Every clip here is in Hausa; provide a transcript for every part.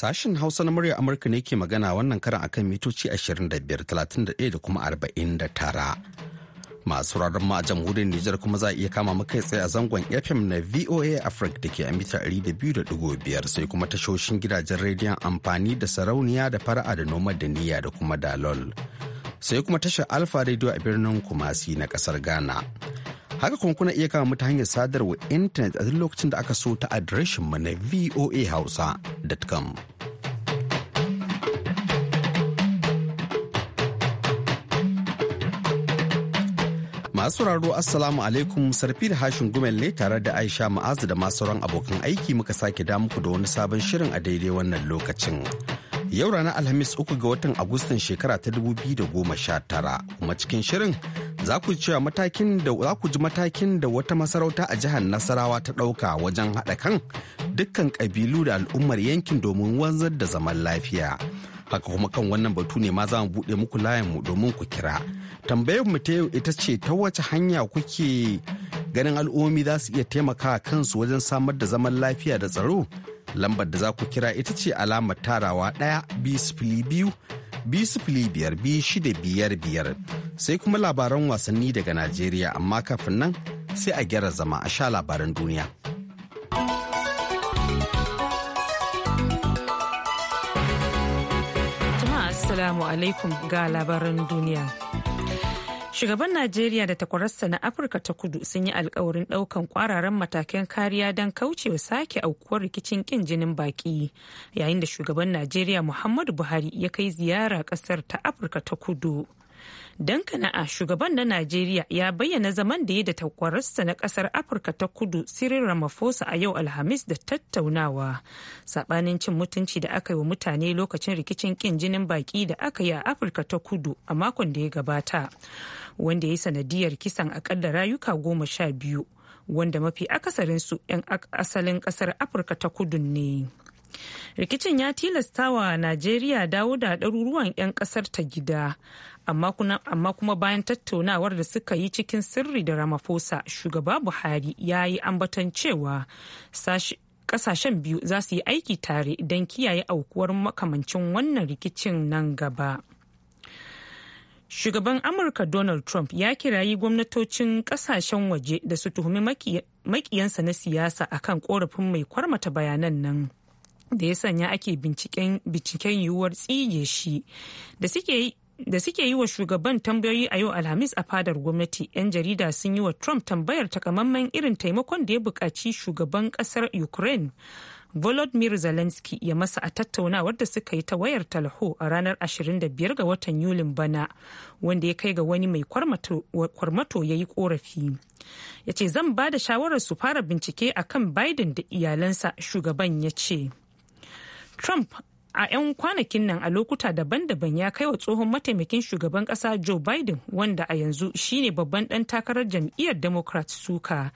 Sashen Hausa na murya Amurka ne ke magana wannan karan akan mitoci 25,31 da kuma 49. masu sauraron ma a jamhuriyar Nijar kuma za a iya kama kai tsaye a zangon FM na VOA Africa da ke a mita 200.5 sai kuma tashoshin gidajen rediyon amfani da sarauniya da fara'a da noma da niyya da kuma dalol. Sai kuma tashar Alfa Radio a birnin Kumasi na kasar Ghana. haka kuma kuna iya kama mata hanyar sadarwa intanet a duk lokacin da aka so ta adireshin mu na voahausa.com masu sauraro assalamu alaikum sarfi da hashin gumel ne tare da aisha ma'azu da masu sauran abokan aiki muka sake da muku da wani sabon shirin a daidai wannan lokacin yau ranar alhamis uku ga watan agustan shekara ta 2019 kuma cikin shirin za ku ji matakin da wata masarauta a jihar Nasarawa ta ɗauka wajen haɗa kan dukkan ƙabilu da al'ummar yankin domin wanzar da zaman lafiya. Haka kuma kan wannan batu ne ma za mu buɗe muku mu domin ku kira. Tambayar mu ta yau ita ce ta wace hanya kuke ganin al'ummomi za su iya taimaka kansu wajen samar da zaman lafiya da tsaro? Lambar da za ku kira ita ce alamar tarawa ɗaya biyu sifili biyu biyar sai kuma labaran wasanni daga Najeriya amma kafin nan sai a gyara zama a sha labaran duniya. Jama'a Assalamu alaikum ga labaran duniya. Shugaban Najeriya da takwararsa na Afirka ta kudu sun yi alkawarin daukan kwararan matakan kariya don wa sake aukuwar rikicin kin jinin baki yayin da shugaban Najeriya Muhammadu Buhari ya kai ziyara kasar ta Afirka ta kudu. Dankana'a shugaban na Najeriya ya bayyana zaman da ya da takwararsa na kasar Afirka ta kudu sirin Ramaphosa a yau Alhamis da tattaunawa. Sabanin cin mutunci da aka yi wa mutane lokacin rikicin kin jinin baki da aka yi a Afirka ta kudu a makon da ya gabata. Wanda ya yi sanadiyar kisan akalla rayuka goma sha biyu. Wanda mafi akasarinsu 'yan asalin kasar Afirka ta kudu ne. rikicin ya tilasta wa najeriya dawo da ɗaruruwan 'yan ƙasar ta gida amma kuma bayan tattaunawar da suka yi cikin sirri da ramaphosa shugaba buhari ya yi ambatan cewa kasashen biyu za su yi aiki tare don kiyaye aukuwar makamancin wannan rikicin nan gaba. Shugaban Amurka Donald Trump ya kirayi gwamnatocin kasashen waje da su tuhumi makiyansa na siyasa a kan korafin mai kwarmata bayanan nan. da ya sanya ake binciken yiwuwar tsige shi da suke da suke yi wa shugaban tambayoyi a yau alhamis a fadar gwamnati 'yan jarida sun yi wa trump tambayar takamaiman irin taimakon da ya buƙaci shugaban ƙasar ukraine volodymyr zelensky ya masa a tattaunawar da suka yi ta wayar talho a ranar 25 ga watan yulin bana wanda ya kai ga wani mai kwarmato ya yi korafi ya ce zan ba da shawarar su fara bincike akan biden da iyalansa shugaban ya ce trump a 'yan kwanakin nan a lokuta daban-daban ya kai wa tsohon mataimakin shugaban kasa joe biden wanda a yanzu shine babban dan takarar jam'iyyar democrat suka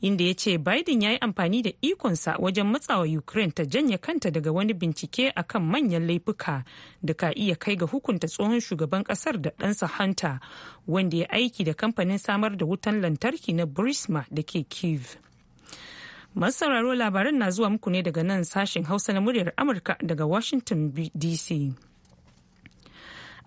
inda ya ce biden ya yi amfani da ikonsa wajen matsawa ukraine ta janye kanta daga wani bincike a kan manyan laifuka da ka iya kai ga hukunta tsohon shugaban kasar da ɗansa hunter wanda ya aiki da kamfanin samar da wutan lantarki na burisma da ke kiev Masu sauraro labaran na zuwa muku ne daga nan sashen Hausa na muryar Amurka daga Washington DC.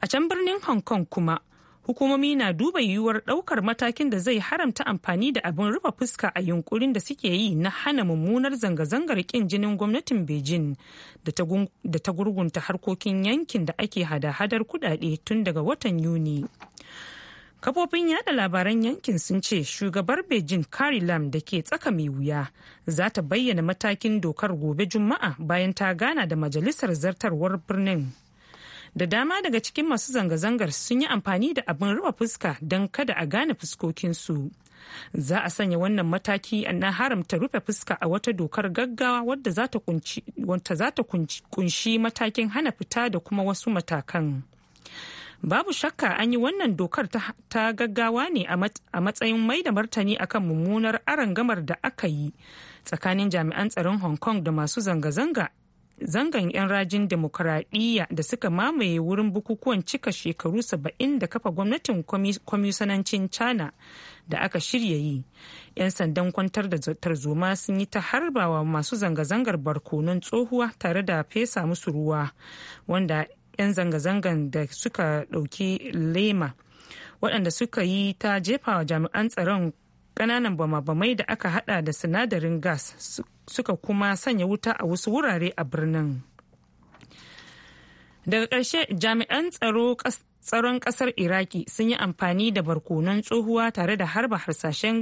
A can birnin Hong Kong kuma, hukumomi na duba yiwuwar daukar matakin da zai haramta amfani da abin rufe fuska a yunkurin da suke yi na hana mummunar zanga-zangar kin jinin gwamnatin Beijing da ta gurgunta harkokin yankin da ake hada-hadar kudade tun daga watan Yuni. kafofin yada labaran yankin sun ce shugabar beijing kari lam da ke tsaka mai wuya za ta bayyana matakin dokar gobe juma'a bayan ta gana da majalisar zartarwar birnin da dama daga cikin masu zanga-zangar sun yi amfani da abin rufe fuska don kada a gane fuskokinsu za a sanya wannan mataki na haramta rufe fuska a wata dokar gaggawa wadda za ta kunshi matakin hana fita da kuma wasu matakan. babu shakka an yi wannan dokar ta gaggawa ne a matsayin mai da martani akan mummunar gamar da aka yi tsakanin jami'an tsaron hong kong da masu zanga-zanga zangan 'yan rajin demokuraɗiyya da suka mamaye wurin bukukuwan cika shekaru saba'in da kafa gwamnatin kwamisanancin china da aka shirya yi 'yan sandan kwantar da tarzoma sun yi ta harbawa masu zanga-zangar barkonon tsohuwa tare da fesa musu ruwa wanda 'yan zanga-zangan da suka ɗauki lema waɗanda suka yi ta jefa wa jami'an tsaron ƙananan bama-bamai da aka hada da sinadarin gas suka kuma sanya wuta a wasu wurare a birnin daga ƙarshe jami'an tsaro tsaron ƙasar iraki sun yi amfani da barkonon tsohuwa tare da harba harsashen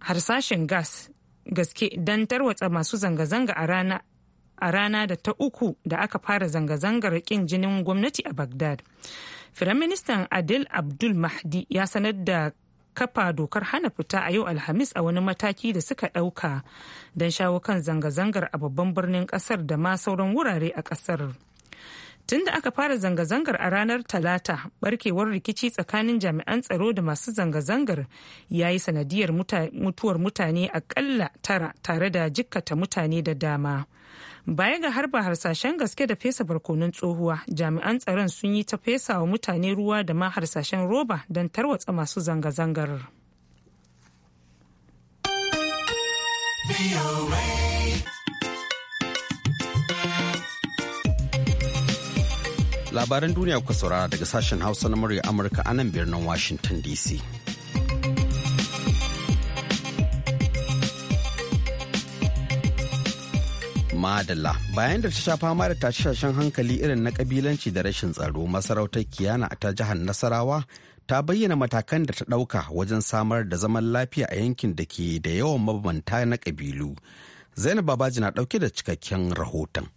harsashen gas gaske don tarwatsa masu zanga-zanga a rana a rana da ta uku da aka fara zanga-zangar kin jinin gwamnati a Baghdad. Firaministan Adil Abdul Mahdi ya sanar da kafa dokar hana fita a yau Alhamis a wani mataki da suka ɗauka don shawo kan zanga-zangar a babban birnin ƙasar da ma sauran wurare a ƙasar. tunda aka fara zanga-zangar a ranar talata barkewar rikici tsakanin jami'an tsaro da masu zanga-zangar ya yi sanadiyar mutuwar mutane akalla tara tare da jikkata mutane da dama baya ga harba harsashen gaske da fesa barkonon tsohuwa jami'an tsaron sun yi ta fesa wa mutane ruwa da ma harsashen roba don tarwatsa masu zanga-zangar. labaran duniya ku saurara daga sashen hausa na murya amurka a nan birnin washington dc madalla bayan da ta sha fama da tashe hankali irin na kabilanci da rashin tsaro masarautar kiyana ta jihar nasarawa ta bayyana matakan da ta ɗauka wajen samar da zaman lafiya a yankin da ke da yawan mabambanta na kabilu zainab babaji na ɗauke da cikakken rahoton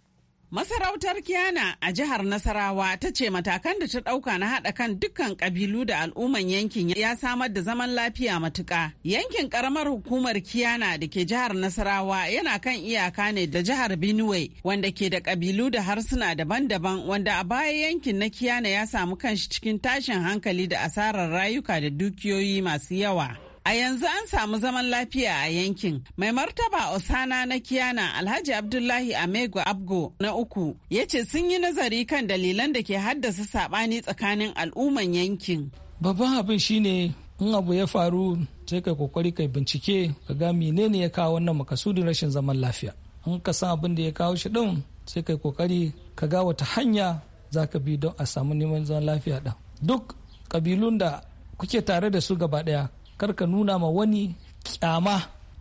Masarautar Kiana a jihar Nasarawa ta ce matakan da ta ɗauka na haɗa kan dukkan ƙabilu da al'umman yankin ya samar da zaman lafiya matuƙa. Yankin ƙaramar hukumar Kiana da ke jihar Nasarawa yana kan iyaka ne da jihar Benue wanda ke da ƙabilu da harsuna daban-daban wanda a baya yankin na Kiana ya samu kanshi cikin tashin hankali da asarar rayuka da dukiyoyi masu yawa. A yanzu an samu zaman lafiya a yankin. Mai martaba Osana na Kiyana Alhaji Abdullahi Amego Abgo na uku ya ce sun yi nazari kan dalilan da ke haddasa saɓani tsakanin al'umman yankin. Babban abin shine in abu ya faru sai kai kokari kai bincike ka ga menene ya kawo wannan makasudin rashin zaman lafiya. In ka san abin da ya kawo shi din sai kai kokari ka ga wata hanya za ka bi don a samu neman zaman lafiya ɗin. Duk kabilun da kuke tare da su gaba ɗaya. kar ka nuna ma wani kyama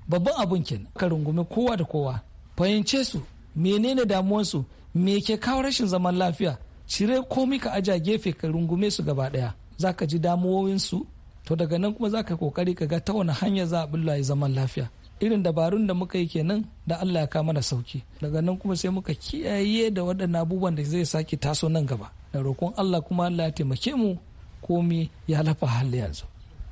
babban abun kenan ka rungumi kowa da kowa fahimce su menene damuwansu me ke kawo rashin zaman lafiya cire komi ka aja gefe ka rungume su gaba daya za ka ji damuwowinsu to daga nan kuma za ka kokari ka ga ta wani hanya za a bulla zaman lafiya irin dabarun da muka yi kenan da Allah ya kama da sauki daga nan kuma sai muka kiyaye da waɗannan abubuwan da zai sake taso nan gaba da roƙon Allah kuma Allah ya taimake mu komi ya lafa hali yanzu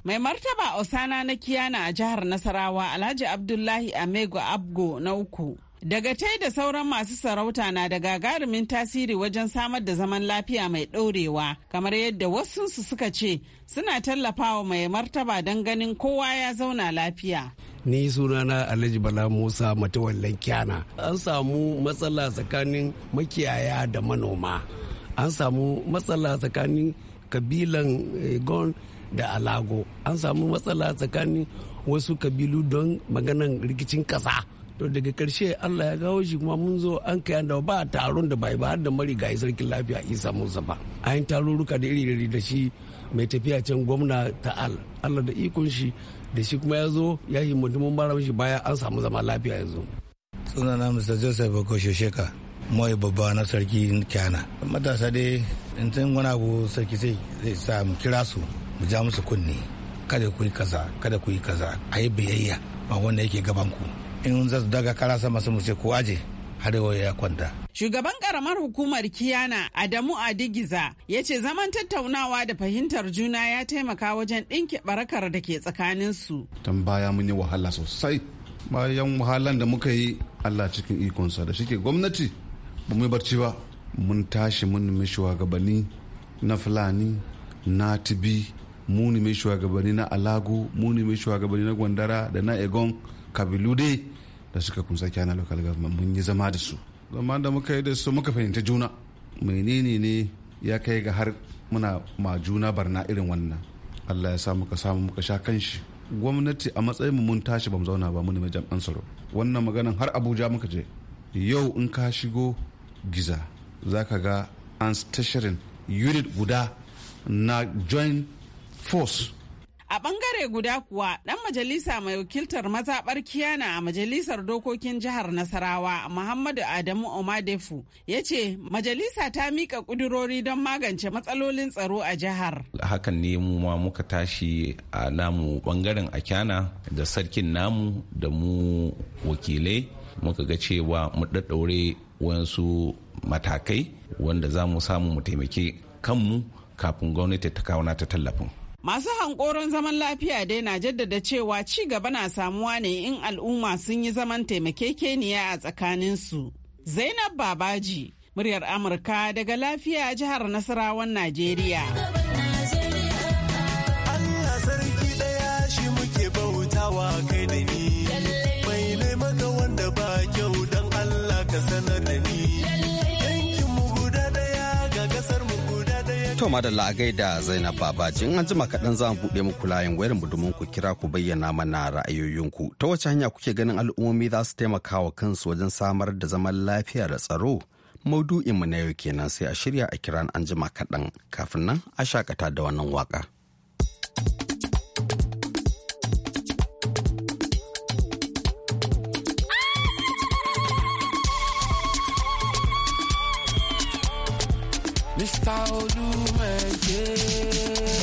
Mai martaba Osana na Kiyana a jihar Nasarawa Alhaji Abdullahi Amego Abgo na uku. Daga tai da sauran masu sarauta na da gagarumin tasiri wajen samar da zaman lafiya mai ɗorewa, kamar yadda su suka ce suna tallafawa mai martaba don ganin kowa ya zauna lafiya. Ni sunana Alhaji Bala Musa Matawallan Kyana. An samu matsala tsakanin makiyaya da manoma. An samu matsala tsakanin kabilan eh, Gon da alago an samu matsala tsakanin wasu kabilu don maganan rikicin kasa to daga karshe allah ya gawo shi kuma mun zo an kai da ba taron da bai ba har da marigayi sarkin lafiya isa musa ba an yi tarurruka da iri da shi mai tafiya can gwamna al allah da ikon shi da shi kuma ya zo ya yi mutumin bara shi baya an samu zama lafiya yanzu na mr joseph okosho sheka mai babba na sarki kyana matasa dai in tun wani abu sarki sai sa mu kira su ku ja musu kunne kada ku yi kaza kada ku yi kaza a yi biyayya ba wanda yake gaban ku in za su daga kara sama su ce ku aje har ya kwanta. Shugaban karamar hukumar Kiyana Adamu Adigiza ya ce zaman tattaunawa da fahimtar juna ya taimaka wajen ɗinke barakar da ke tsakaninsu. Tun baya mun yi wahala sosai. Bayan wahalan da muka yi Allah cikin ikonsa da shike gwamnati ba mu barci ba. Mun tashi mun nemi shugabanni na Fulani, na Tibi, mu ne mai shugabanni na alago mu ne mai shugabanni na gwandara da na egon kabilude da suka kunsa kyana local government mun yi zama da su zama da muka yi da su muka fahimta juna menene ne ya kai ga har muna ma juna barna irin wannan allah ya sa muka samu muka sha kanshi gwamnati a matsayin mun tashi mu zauna ba mun ne jami'an tsaro wannan maganan har abuja muka je yau in ka shigo giza zaka ga an tashirin unit guda na joint force A ɓangare guda kuwa ɗan majalisa mai wakiltar mazaɓar kiyana a majalisar dokokin jihar Nasarawa Muhammadu Adamu Omadefu ya ce majalisa ta mika ƙudurori don magance matsalolin tsaro a jihar. Hakan ne mu ma muka tashi a namu bangaren a kyana da sarkin namu da mu wakilai muka ga cewa mu ɗaɗɗaure wayansu matakai wanda za mu samu mu taimake kanmu kafin gwamnati ta kawo ta tallafin. Masu hankoron zaman lafiya dai na jaddada cewa ci gaba na samuwa ne in al'umma sun yi zaman taimakekeniya a tsakaninsu. Zainab Babaji, muryar Amurka daga lafiya jihar Nasarawan Najeriya. da la'agai da Zainab Babaji in an jima kaɗan za mu buɗe muku layin wayar mu domin ku kira ku bayyana mana ra'ayoyinku. Ta wace hanya kuke ganin al'ummomi za su taimaka wa kansu wajen samar da zaman lafiya da tsaro? Maudu'in mu na yau kenan sai a shirya a kiran an jima kaɗan kafin nan a shakata da wannan waka. Mr. Oluwanje.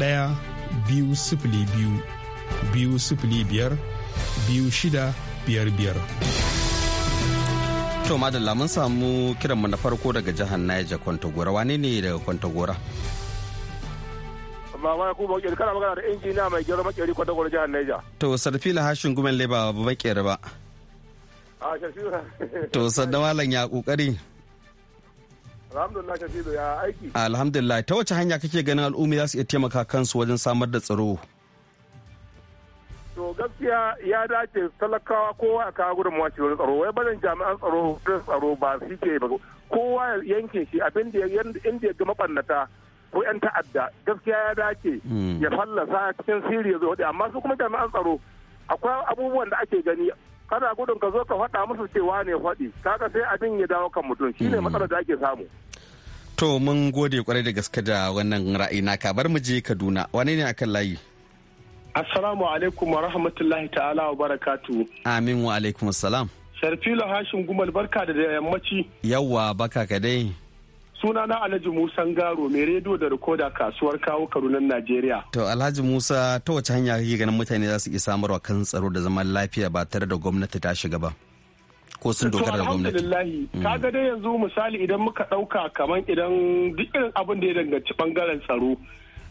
ɗaya biyu sifili biyu biyu sifili biyar biyu shida biyar biyar. To madalla mun samu kiranmu na farko daga jihar Niger Kwantagora wane ne daga Kwantagora? Baba ya kuma makeri kana magana da injina mai gero makeri Kwantagora jihar Niger. To sarfi la hashin gumen leba ba ba. makeri ba. To sannan malam ya kokari. Alhamdulillah Kabiru ya aiki. Alhamdulillah ta wace hanya kake ganin al'umma za su iya taimaka kansu wajen samar da tsaro? To gaskiya ya dace talakawa kowa a kawo gudunmawa ce wurin tsaro wai bazan jami'an tsaro da tsaro ba su ke ba kowa yankin shi abin da inda ya ga mabannata ko yan ta'adda gaskiya ya dace hmm. ya fallasa cikin sirri ya zo amma su kuma jami'an tsaro akwai abubuwan da ake gani kada gudun ka zo ka faɗa musu cewa ne faɗi kaga sai abin ya dawo kan mutum shine hmm. matsalar da ake samu to mun gode kwarai da gaske da wannan ra'ayi ka bar mu je Kaduna wane ne akan layi Assalamu alaikum wa rahmatullahi ta'ala wa barakatu. Amin wa alaikum salam. Sharfilo Hashim Gumal barka da yammaci. Yawwa baka kadai suna na alhaji musa garo mai rediyo da rikoda kasuwar kawo karunan najeriya to alhaji musa ta wace hanya kake ganin mutane za su iya samarwa kan tsaro da zaman lafiya ba tare da gwamnati ta shiga ba ko sun dogara da gwamnati mm. ka ga dai yanzu misali idan muka ɗauka kaman idan duk irin abin da ya danganci bangaren tsaro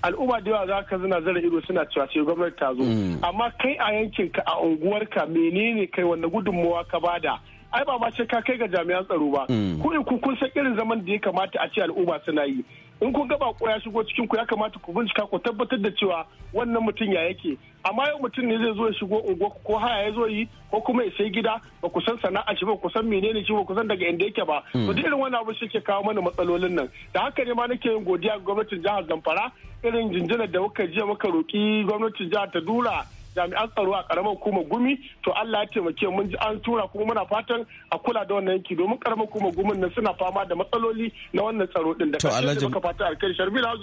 al'umma da yawa za ka zina zara ido suna cewa ce gwamnati ta zo mm. amma kai a yankinka a unguwarka menene kai wanda gudunmawa ka bada ai ba ma sai ka kai ga jami'an tsaro ba mm. ku in kun san irin zaman da ya kamata a ce al'umma suna yi in kun gaba ko ya shigo cikin ku ya kamata ku bincika ku tabbatar da cewa wannan mutum ya yake amma yau mutum ne zai zo ya shigo ungo ko haya ya zo yi ko kuma ya sai gida ba ku san sana'a shi ba ku san menene shi ba ku san daga inda yake ba mm. to duk irin wannan abu shi ke kawo mana matsalolin nan da haka ne ma nake yin godiya ga gwamnatin jihar Zamfara irin jinjinar da muka je muka roki gwamnatin jihar ta dura jami'an tsaro a karamar hukumar gumi to Allah ya taimake mun ji an tura kuma muna fatan a kula da wannan yanki domin karamar hukumar gumin nan suna fama da matsaloli na wannan tsaro din da kasance muka fata alkai sharbila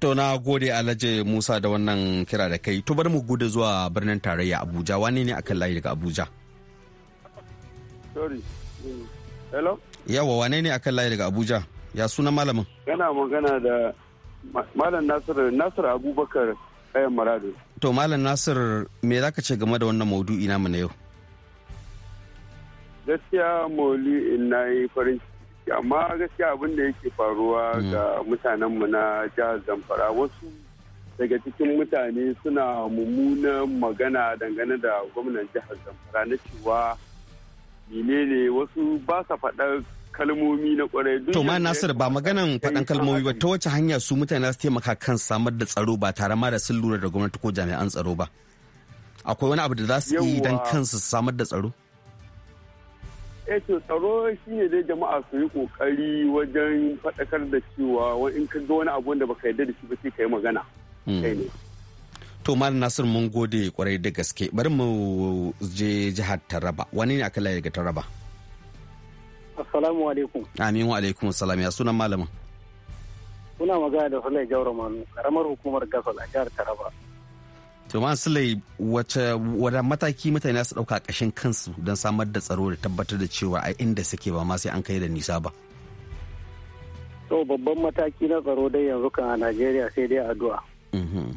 To na gode Alhaji Musa da wannan kira da kai. To bari mu gode zuwa birnin tarayya Abuja. Wane ne akan layi daga Abuja? Sorry. Hello? Yawa wane ne akan layi daga Abuja? Ya suna malamin? Yana magana da Malam Nasiru Nasiru Abubakar Ayyan Maradu. To Malam Nasir me za ka ce game da wannan maudu'i namu na yau? Gaskiya mauli na yi farin ciki amma gaskiya abin da yake faruwa hmm. ga mutanenmu na jihar Zamfara wasu daga cikin mutane suna mummunan magana dangane da gwamnan jihar Zamfara na cewa menene wasu ba sa faɗar kalmomi na kwarai. To ma Nasir ba maganan faɗan kalmomi ba ta wace hanya su mutane su taimaka kan samar da tsaro ba tare ma da sun lura da gwamnati ko jami'an tsaro ba. Akwai wani abu da za su yi don kansu samar da tsaro? Eh to tsaro shine dai jama'a su yi kokari wajen faɗakar da cewa in ka ga wani abu wanda baka yarda da shi ba sai ka yi magana. Hmm. To Malam Nasir mun gode kwarai da gaske bari mu je jihar Taraba wani ne aka laye daga Taraba? Assalamu alaikum. Amin wa alaikum salam ya sunan malamin. Kuna magana da Sulai Jauro Manu, karamar hukumar Gasol a jihar Taraba. To Sulai wace wada mataki mutane su dauka kashin kansu don samar da tsaro da tabbatar da cewa a inda suke ba ma sai an kai da nisa ba. To babban mataki na tsaro dai yanzu kan a Najeriya sai dai addu'a. Mm-hmm.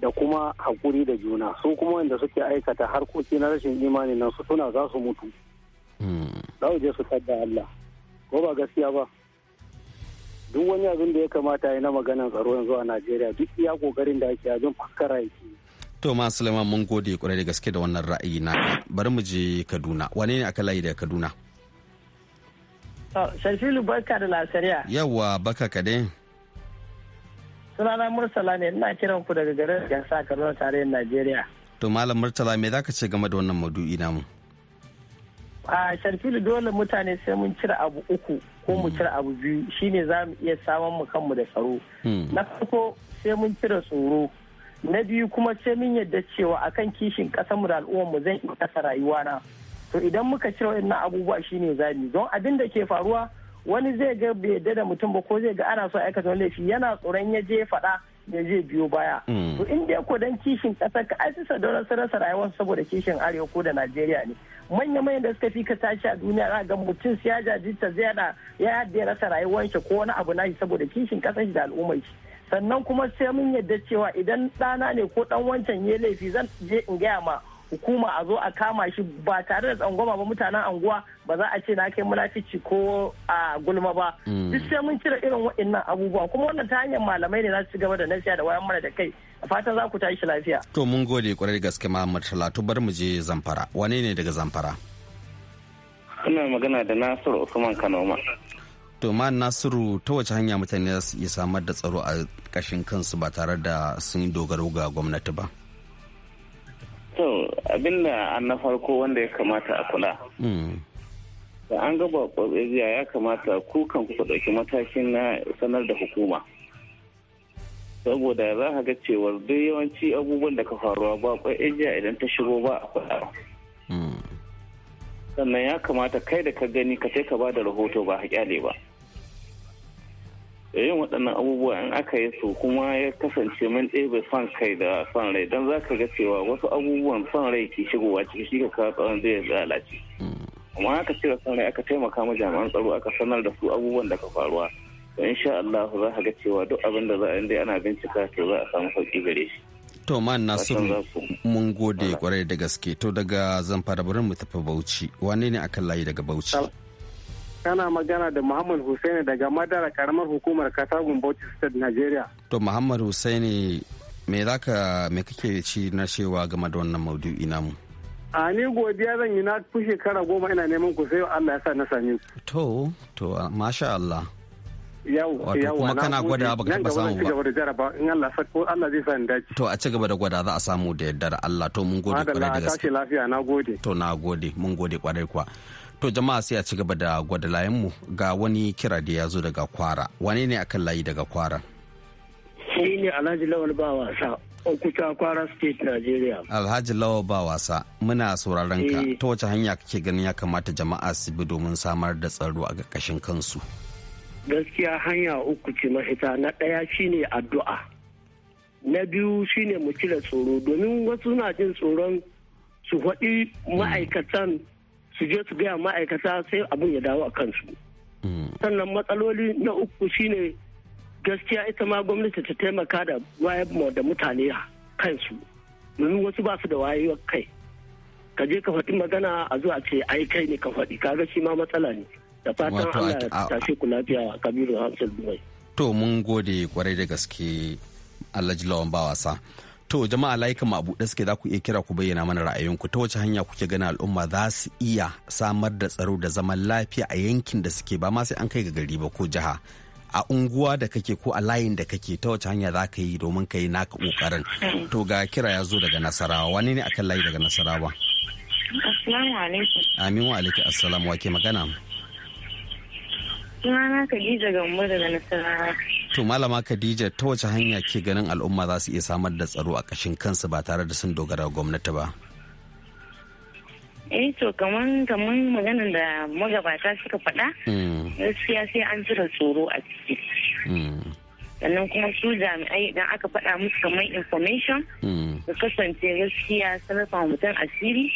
Da kuma hakuri da juna su kuma wanda suke aikata harkoki na rashin imani nan su suna za su mutu. za su je su Allah ko ba gaskiya ba duk wani abin da ya kamata ya na maganar tsaro yanzu a Najeriya duk iya kokarin da ake abin fakara yake to ma Suleiman mun gode kwarai da gaske da wannan ra'ayi na bari mu je Kaduna wane ne aka layi da Kaduna Sharfilu barka da lasariya yawa baka kade. sunana Murtala ne ina kiran ku daga garin Gansa Kaduna tarayyar Najeriya to malam Murtala me zaka ce game da wannan maudu'i namu a sharfilu dole mutane sai mun cire abu uku ko mu hmm. cire abu biyu shine za mu iya samun mu kanmu da tsaro hmm. na farko sai mun cire tsoro na biyu kuma sai mun yadda cewa akan kishin kasanmu da mu zan iya kasa rayuwana to idan muka cire waɗannan abubuwa shine za mu don abin da ke faruwa wani zai ga bai yadda da mutum ba ko zai ga ana so aikata wani laifi yana tsoron ya je faɗa ya zai biyo baya mm. to in dai ko dan kishin kasar ka ai bisa da rasa rasa rayuwar saboda kishin arewa ko da Najeriya ne manya manyan da suka fi ka tashi a duniya za ga mutum ya jajirta zai da ya yadda rasa rayuwar shi ko wani abu nashi saboda kishin kasar shi da al'ummar shi sannan kuma sai mun yadda cewa idan ɗana ne ko ɗan wancan ya laifi zan je in gaya ma hukuma a zo a kama shi ba tare da tsangwama ba mutanen anguwa ba za a ce na kai munafici ko a gulma ba mm. duk sai mun cire irin waɗannan abubuwa kuma wannan ta hanyar malamai ne za su ci gaba da nasiya da wayan mana da kai a fatan za ku tashi lafiya to mun gode kwarai da gaske Muhammad Talatu bar mu je Zamfara wane ne daga Zamfara ina magana da Nasiru Usman Kanoma to ma Nasiru ta wace hanya mutane za su iya samar da tsaro a kashin kansu ba tare da sun dogaro ga gwamnati ba To abinda an na farko wanda ya kamata a kula. Hmm. Da an gaba jiya ya kamata ku kan ku ɗauki matakin na sanar da hukuma. Saboda za ka ga cewar duk yawanci abubuwan da ka faruwa ba jiya idan ta shigo ba a kula. Hmm. Sannan ya kamata kai da ka gani ka sai ka ba da rahoto ba haƙyale ba. yayin eh, yin waɗannan abubuwa in aka yi su kuma ya kasance mun ɗebe son kai da son rai don za ka ga cewa wasu abubuwan son rai ke shigowa ciki shi ka kawo tsawon zai lalace amma aka cire son rai aka taimaka ma jami'an tsaro aka sanar da su abubuwan da ka faruwa to insha Allah za ka ga cewa duk abin da za a yi ana bincika to za a samu sauki gare shi to man nasiru mun gode kwarai da gaske to daga zamfara barin mu tafi bauchi wane ne akan layi daga bauchi kana magana da Muhammad Hussaini daga Madara karamar hukumar Katagun Bauchi State Nigeria. To Muhammad Hussaini me za ka me kake ci na cewa game da wannan maudu'i namu? A ni godiya zan yi na fi shekara goma ina neman ku sai Allah ya sa na sami. To to masha Allah. Yau yau kuma kana gwada ba ka taba samu ba. In Allah sa ko Allah zai sa ni dace. To a ci gaba da gwada za a samu da yaddar Allah to mun gode kwarai da gaske. Allah lafiya na gode. To na gode mun gode kwarai kuwa. To jama'a sai a ci gaba da gwada layanmu ga wani kira da ya zo daga kwara. Wane ne akan layi daga kwara? shi ne Alhaji Lawal ba wasa. Okuta Kwara State, Nigeria. Alhaji Lawal ba wasa. Muna sauraron ka. Eh. Ta wace hanya kake ganin ya kamata jama'a su bi domin samar da tsaro a ƙarƙashin kansu? Gaskiya hanya uku ce mafita. Na ɗaya shine addu'a. Na biyu shine mu cire tsoro domin wasu na jin tsoron su faɗi mm. ma'aikatan su je su gaya ma'aikata sai abin ya dawo a kansu sannan matsaloli na uku shine gaskiya ita ma gwamnati ta taimaka da wayar da mutane kansu domin wasu ba su da wayewar kai ka je ka faɗi magana a zuwa ce ai kai ne ka faɗi kaga shi ma matsala ne da fatan Allah ya tashi ku lafiya Kabiru Hamsat Dubai to mun gode kwarai da gaske Allah ji lawan ba wasa To jama'a layukan abu a suke za ku iya kira ku bayyana mana ra'ayinku ta wace hanya kuke gani al'umma za su iya samar da tsaro da zaman lafiya a yankin da suke ba ma sai an kai ga gari ba ko jiha. A unguwa da kake ko a layin da kake ta wace hanya za ka yi domin ka yi naka kokarin. To ga kira ya zo daga Nasarawa wani ne akan layi daga Nasarawa? Assalamu alaikum. Amin wa alaikum assalam wa ke magana? Sunana Khadija Gambo daga Nasarawa. to malama khadija ta wace hanya ke ganin al'umma za su iya samar da tsaro a ƙashin kansu ba tare da sun dogara gwamnati ba eh to kaman kaman maganin da magabata suka faɗa hmm. gaskiya sai an cire tsoro a ciki hmm. sannan kuma su jami'ai idan aka faɗa musu kamar information hmm. su kasance gaskiya sanarwa mutum asiri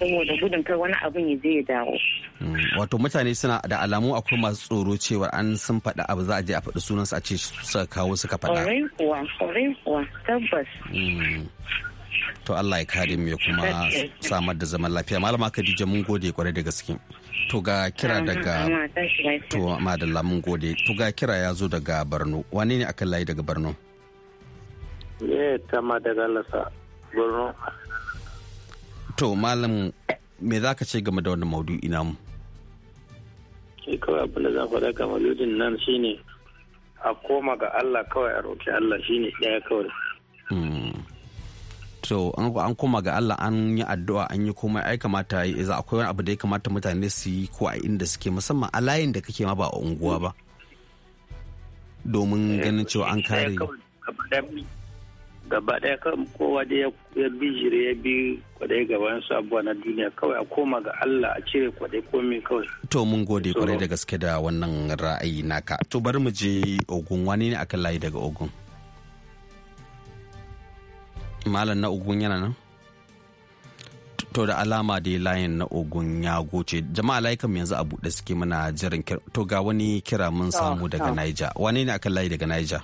saboda gudun kai wani abin ya je ya dawo. Mm, wato mutane suna da alamu akwai masu tsoro cewa an sun faɗa abu za a je a faɗi sunansu a ce suka kawo suka faɗa. Ƙwarai kuwa, ƙwarai kuwa, tabbas. Mm. To Allah ya kare mu ya kuma samar da zaman lafiya. Malama Khadija mun gode ƙwarai da gaske. To ga kira daga to madalla mun gode. To ga kira ya zo daga Borno. Wane ne akan layi daga Borno? Eh, tama daga Lasa. Borno. to malam me za ka ce game da wannan maudu'i namu ke kawai abin da za faɗa ga maludin nan shine a koma ga Allah kawai a roƙi Allah shine ɗaya kawai hmm. to an koma ga Allah an yi addu'a an yi komai ai kamata za akwai wani abu da ya kamata mutane su yi ko a inda suke musamman a layin da kake ma ba a unguwa ba domin eh, ganin cewa an kare gaba ɗaya kan kowa da ya bijire ya bi kwadai gaban sabuwa na duniya kawai a koma ga Allah a cire kwadai komai kawai. To mun gode kwarai da gaske da wannan ra'ayi naka. To bari mu je Ogun wani ne akan layi daga Ogun? Malam na Ogun yana nan? To da alama dai layin na Ogun ya goce. Jama'a layukan yanzu a buɗe suke muna jiran kira. To ga wani kira mun samu daga Niger. Wani ne akan layi daga Niger?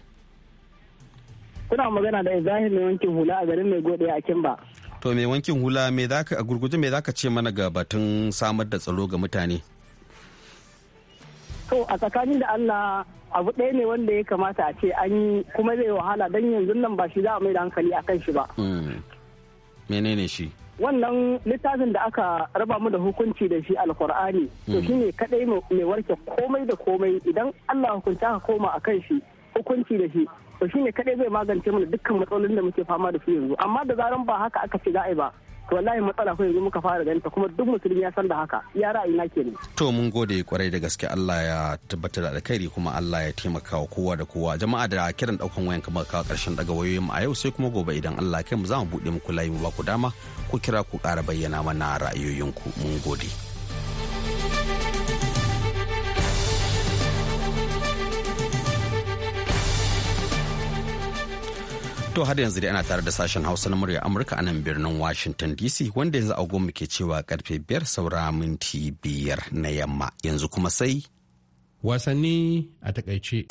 kuna magana da Ibrahim mai wankin hula a garin mai gode a Kimba. To mai wankin hula me zaka a gurguje me zaka ce mana ga batun samar da tsaro ga mutane? To a tsakanin da Allah abu ɗaya ne wanda ya kamata a ce an yi kuma zai wahala don yanzu nan ba shi za a mai da hankali a kan shi ba. Hmm. Menene shi? Wannan littafin da aka raba mu da hukunci da shi alkur'ani to hmm. shi ne kaɗai mai warke komai da komai idan Allah hukunta ka koma a kan shi hukunci da shi to shine kadai zai magance mana dukkan matsalolin da muke fama da su yanzu amma da zaran ba haka aka ce za a yi ba to wallahi matsala ko yanzu muka fara ganin ta kuma duk musulmi ya san da haka ya na kenan to mun gode kwarai da gaske Allah ya tabbatar da alkhairi kuma Allah ya taimaka wa kowa da kowa jama'a da kiran daukan wayan kamar kawo karshen daga wayoyin mu a yau sai kuma gobe idan Allah ya kai mu za mu bude muku layi mu ba ku dama ku kira ku kara bayyana mana ra'ayoyinku mun gode To har yanzu dai ana tare da sashen Hausa na murya Amurka a nan birnin Washington DC wanda yanzu agon muke cewa karfe biyar saura minti biyar na yamma yanzu kuma sai. Wasanni a takaice.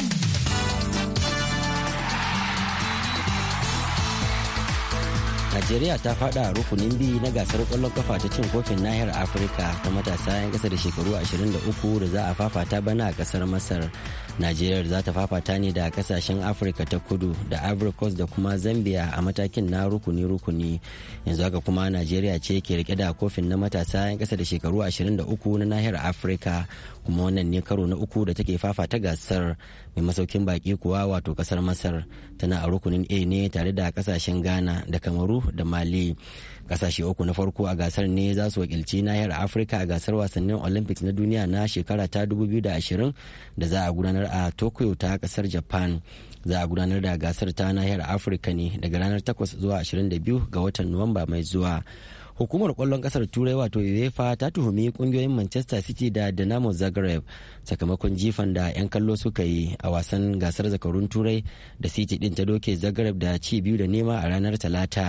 najeriya ta fada rukunin biyu na gasar kwallon kafa ta cin kofin nahiyar afirka ta matasa 'yan kasa da shekaru 23 da za a fafata bana a kasar masar najeriya za ta fafata ne da kasashen afirka ta kudu da ivory coast da kuma zambia a matakin na rukuni-rukuni yanzu haka kuma najeriya ce ke rike da kofin na matasa 'yan kasa da shekaru 23 na nahiyar afirka kuma wannan ne karo na uku da take fafata gasar mai masaukin baki kuwa wato kasar masar tana a rukunin a ne tare da kasashen ghana da kamaru da mali kasashe uku na farko a gasar ne za su wakilci nahiyar afirka a gasar wasannin olympics na duniya na shekara ta 2020 da za a gudanar a tokyo ta kasar japan za a gudanar da gasar ta nahiyar afirka ne daga ranar 8 zuwa 22 ga watan nuwamba mai zuwa hukumar kwallon kasar turai wato uefa ta tuhumi kungiyoyin manchester city da dinamo zagreb sakamakon jifan da 'yan kallo suka yi a wasan gasar zakarun turai da city din ta doke zagreb da ci biyu da nema a ranar talata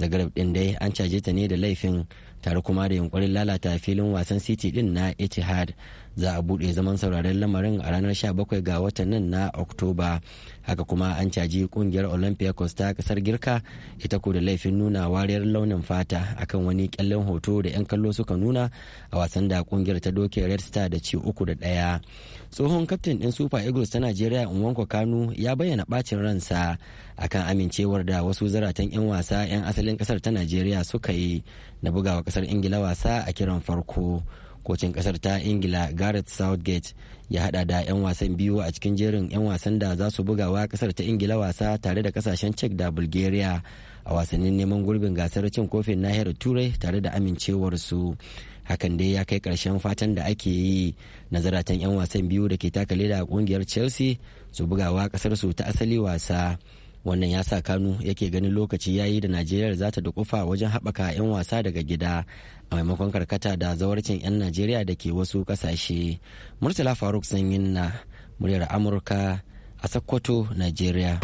zagreb din dai an caje ta ne da laifin tare kuma da yunkurin lalata filin wasan city din na etihad za a buɗe zaman sauraren lamarin a ranar 17 ga watan nan na oktoba haka kuma an caji kungiyar olympiacos ta kasar girka ita ko da laifin nuna wariyar launin fata akan wani kyallen hoto da 'yan kallo suka nuna a wasan da kungiyar ta doke red star da ci uku da ɗaya tsohon kaftin ɗin super eagles ta najeriya nwanko kanu ya bayyana bacin ransa akan amincewar da wasu zaratan 'yan wasa 'yan asalin kasar ta najeriya suka yi na bugawa kasar ingila wasa a kiran farko kocin kasar ta ingila gareth southgate ya hada da 'yan wasan biyu a cikin jerin 'yan wasan da za su bugawa kasar ta ingila wasa tare da kasashen cek da bulgaria a wasannin neman gurbin gasar cin kofin nahiyar turai tare da amincewarsu hakan dai ya kai karshen fatan da ake yi na zaratan 'yan wasan biyu da ke taka leda kungiyar chelsea su bugawa kasar su ta asali wasa wannan ya sa kanu yake ganin lokaci yayi da najeriya za ta da kufa wajen haɓaka 'yan wasa daga gida a maimakon karkata da zawarcin 'yan najeriya da ke wasu kasashe murtala faruk sanyin na muryar amurka a sokoto najeriya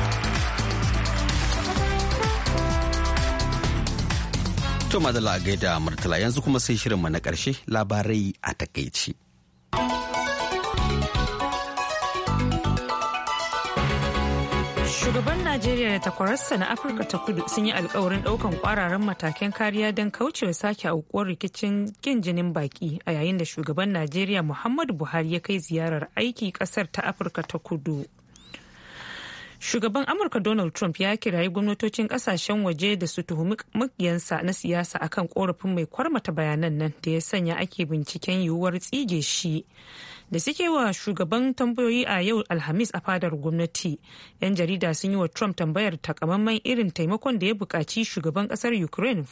to madalla a gaida murtala yanzu kuma sai shirinmu na ƙarshe labarai a takaici. Shugaban Najeriya da takwararsa na Afirka ta kudu sun yi alkawarin daukan kwararan matakan kariya don kaucewa sake aukuwar rikicin kin jinin baki a yayin da shugaban Najeriya Muhammadu Buhari ya kai ziyarar aiki kasar ta Afirka ta kudu. Shugaban Amurka Donald Trump ya kirayi gwamnatocin kasashen waje da su tuhumi makiyansa na siyasa akan korafin mai kwarmata bayanan nan da ya sanya ake binciken yiwuwar tsige shi. da suke wa shugaban tambayoyi a yau alhamis a fadar gwamnati yan jarida sun yi wa trump tambayar takamaiman irin taimakon da ya buƙaci shugaban ƙasar ukraine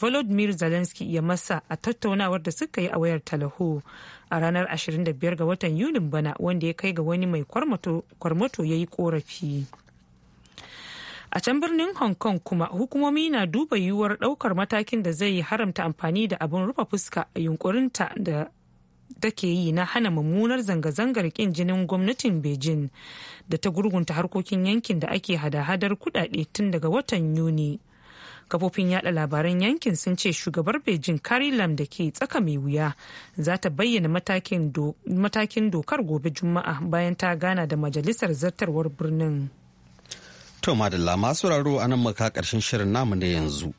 volodymyr zelensky ya masa a tattaunawar da suka yi a wayar talaho a ranar 25 ga watan yunin bana wanda ya kai ga wani mai kwarmato ya yi korafi a can birnin hong kong kuma hukumomi na duba yiwuwar daukar matakin da zai haramta amfani da abin rufe fuska a yunkurinta da take yi na hana mummunar zanga-zangar kin jinin gwamnatin beijing da ta gurgunta harkokin yankin da ake hada-hadar kudade tun daga watan yuni kafofin yada labaran yankin sun ce shugabar beijing carrie lam da ke tsaka mai wuya za ta bayyana matakin dokar gobe juma'a bayan ta gana da majalisar zartarwar birnin to madalla masu raro a nan maka karshen shirin namu na yanzu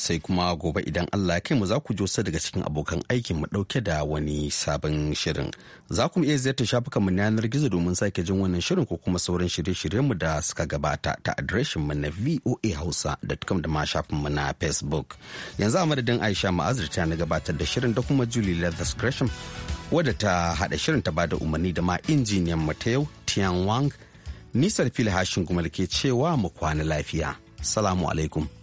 sai kuma gobe idan Allah ya kai mu za ku wasu daga cikin abokan aikin mu dauke da wani sabon shirin. Za ku iya ziyartar shafukan mu na yanar gizo domin sake jin wannan shirin ko kuma sauran shirye-shiryen mu da suka gabata ta adireshin mu na voahausa.com da ma shafin mu na Facebook. Yanzu a madadin Aisha Ma'azir ta na gabatar da shirin da kuma Julie Leathers Gresham wadda ta hada shirin ta bada umarni da ma injiniyan mu ta yau Tian Wang. Nisar fili hashin da ke cewa mu kwana lafiya. Salamu alaikum.